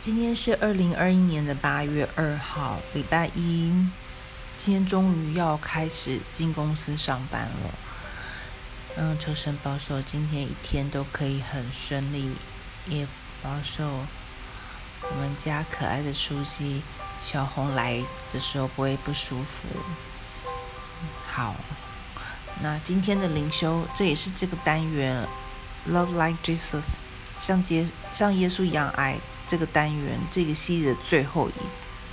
今天是二零二一年的八月二號，禮拜一。今天終於要開始進公司上班了。嗯，求神保守今天一天都可以很順利。也保守我們家可愛的書姬小紅來的時候不會不舒服。好，那今天的靈修，這也是這個單元，Love like Jesus，像耶像耶穌一樣愛。這個單元，這個系列的最後一、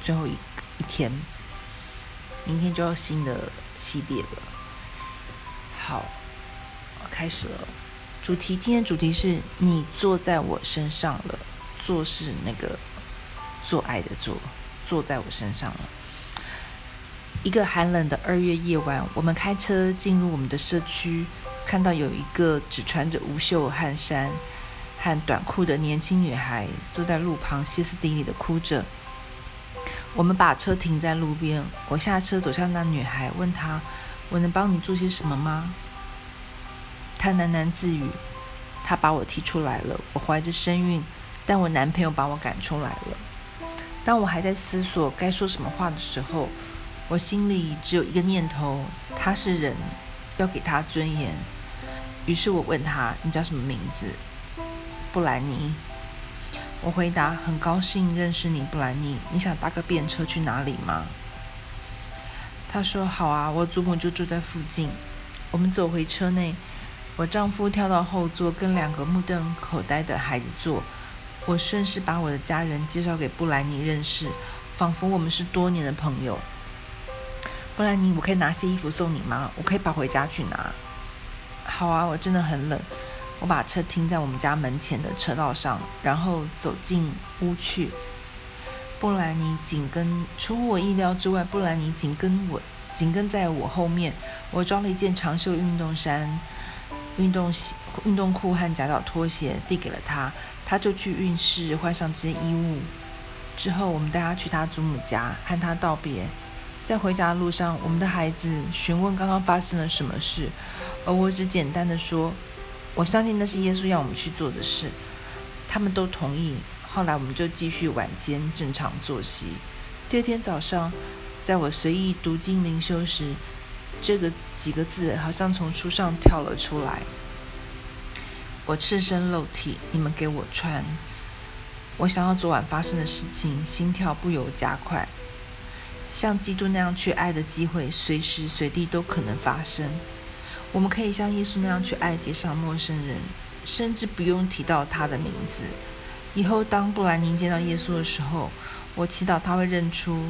最後一一天，明天就要新的系列了。好，開始了。主題今天主題是你做在我身上了，做是那個做愛的做，做在我身上了。一個寒冷的二月夜晚，我們開車進入我們的社區，看到有一個只穿着無袖汗衫。穿短褲的年輕女孩坐在路旁，歇斯底里地哭着。我們把車停在路邊，我下車走向那女孩，問她：“我能幫你做些什麼嗎？”她喃喃自語：“他把我踢出來了，我懷着身孕，但我男朋友把我趕出來了。”當我還在思索該說什麼話的時候，我心裡只有一個念頭：她是人，要給她尊嚴。於是我問她：“你叫什麼名字？”布蘭妮。我回答：“很高興認識你，布蘭妮。你想搭個便車去哪裡嗎？”她說：“好啊，我祖母就住在附近。”我們走回車內，我丈夫跳到後座，跟兩個目瞪口呆的孩子坐。我順勢把我的家人介紹給布蘭妮認識，仿佛我們是多年的朋友。布蘭妮，我可以拿些衣服送你嗎？我可以跑回家去拿。好啊，我真的很冷。我把車停在我們家門前的車道上，然後走進屋去。布蘭妮緊跟，出乎我意料之外，布蘭妮緊跟我，緊跟在我後面。我裝了一件長袖運動衫、運動鞋、運動褲和夾腳拖鞋，遞給了她。她就去浴室換上這些衣物。之後，我們帶她去她祖母家，和她道別。在回家的路上，我們的孩子詢問剛剛發生了什麼事，而我只簡單地說。我相信那是耶穌要我們去做的事，他們都同意。後來我們就繼續晚間正常作息。第二天早上，在我隨意讀經靈修時，這個幾個字好像從書上跳了出來：“我赤身露體，你們給我穿。”我想到昨晚發生的事情，心跳不由加快。像基督那樣去愛的機會，隨時隨地都可能發生。我們可以像耶穌那樣去愛街上陌生人，甚至不用提到他的名字。以後當布蘭妮見到耶穌的時候，我祈禱她會認出，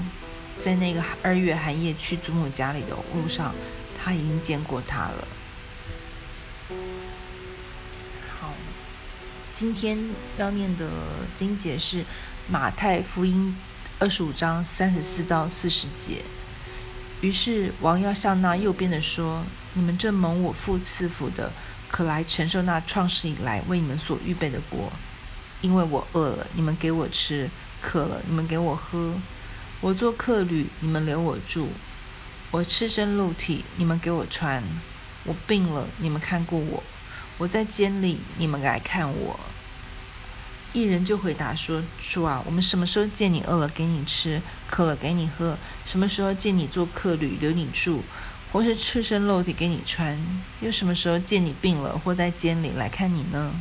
在那個二月寒夜去祖母家裡的路上，她已經見過他了。好，今天要念的經節是馬太福音二十五章三十四到四十節。於是王要向那右邊的說：“你們這蒙我父賜福的，可來承受那創世以來為你們所預備的國。因為我餓了，你們給我吃；渴了，你們給我喝；我做客旅，你們留我住；我赤身露體，你們給我穿；我病了，你們看過我；我在監裡，你們來看我。”一人就回答說：“主啊，我們什麼時候見你餓了給你吃，渴了給你喝？什麼時候見你做客旅，留你住，或是赤身露體給你穿？又什麼時候見你病了或在監裡來看你呢？”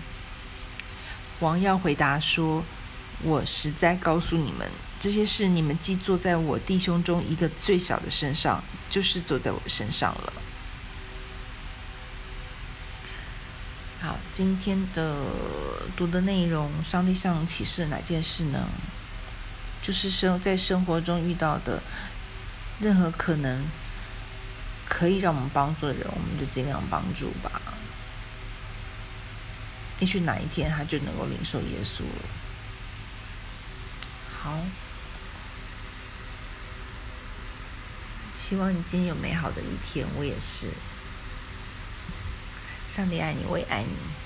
王要回答說：“我實在告訴你們，這些事你們既做在我弟兄中一個最小的身上，就是做在我身上了。”好，今天的讀的內容，上帝向我們啟示了哪件事呢？就是說在生活中遇到的任何可能可以讓我們幫助的人，我們就盡量幫助吧。也許哪一天他就能夠領受耶穌了。好，希望你今天有美好的一天，我也是。上帝愛你，我也愛你。